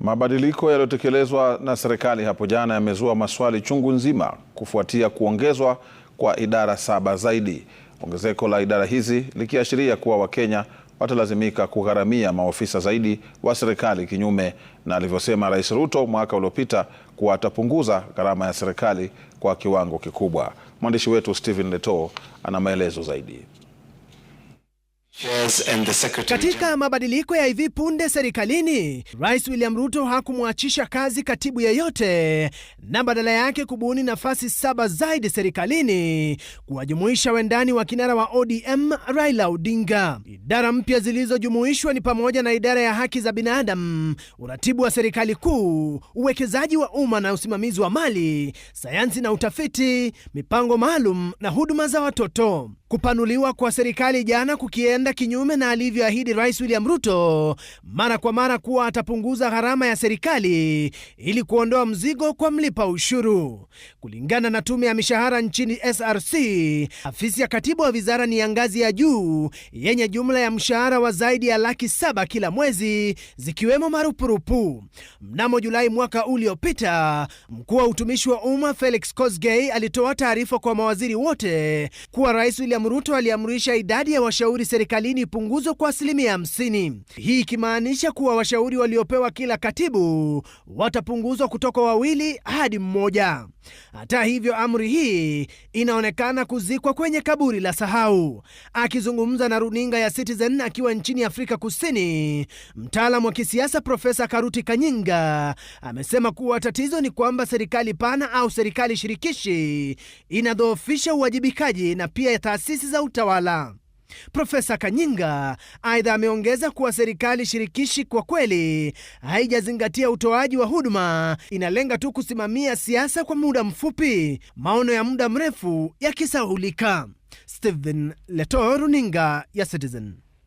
Mabadiliko yaliyotekelezwa na serikali hapo jana yamezua maswali chungu nzima kufuatia kuongezwa kwa idara saba zaidi, ongezeko la idara hizi likiashiria kuwa Wakenya watalazimika kugharamia maofisa zaidi wa serikali, kinyume na alivyosema Rais Ruto mwaka uliopita kuwa atapunguza gharama ya serikali kwa kiwango kikubwa. Mwandishi wetu Stephen Leto ana maelezo zaidi. Katika mabadiliko ya hivi punde serikalini, Rais William Ruto hakumwachisha kazi katibu yeyote na badala yake kubuni nafasi saba zaidi serikalini kuwajumuisha wendani wa kinara wa ODM Raila Odinga. Idara mpya zilizojumuishwa ni pamoja na idara ya haki za binadamu, uratibu wa serikali kuu, uwekezaji wa umma na usimamizi wa mali, sayansi na utafiti, mipango maalum na huduma za watoto. Kupanuliwa kwa serikali jana kukienda kwenda kinyume na alivyoahidi Rais William Ruto mara kwa mara kuwa atapunguza gharama ya serikali ili kuondoa mzigo kwa mlipa ushuru. Kulingana na tume ya mishahara nchini SRC, afisi ya katibu wa wizara ni ya ngazi ya juu yenye jumla ya mshahara wa zaidi ya laki saba kila mwezi zikiwemo marupurupu. Mnamo Julai mwaka uliopita, mkuu wa utumishi wa umma Felix Kosgei alitoa taarifa kwa mawaziri wote kuwa Rais William Ruto aliamrisha idadi ya washauri serikali serikalini ipunguzwe kwa asilimia 50, hii ikimaanisha kuwa washauri waliopewa kila katibu watapunguzwa kutoka wawili hadi mmoja. Hata hivyo, amri hii inaonekana kuzikwa kwenye kaburi la sahau. Akizungumza na runinga ya Citizen akiwa nchini Afrika Kusini, mtaalamu wa kisiasa Profesa Karuti Kanyinga amesema kuwa tatizo ni kwamba serikali pana au serikali shirikishi inadhoofisha uwajibikaji na pia taasisi za utawala. Profesa Kanyinga aidha ameongeza kuwa serikali shirikishi kwa kweli haijazingatia utoaji wa huduma, inalenga tu kusimamia siasa kwa muda mfupi, maono ya muda mrefu yakisahulika. Stephen Leto, runinga ya Citizen.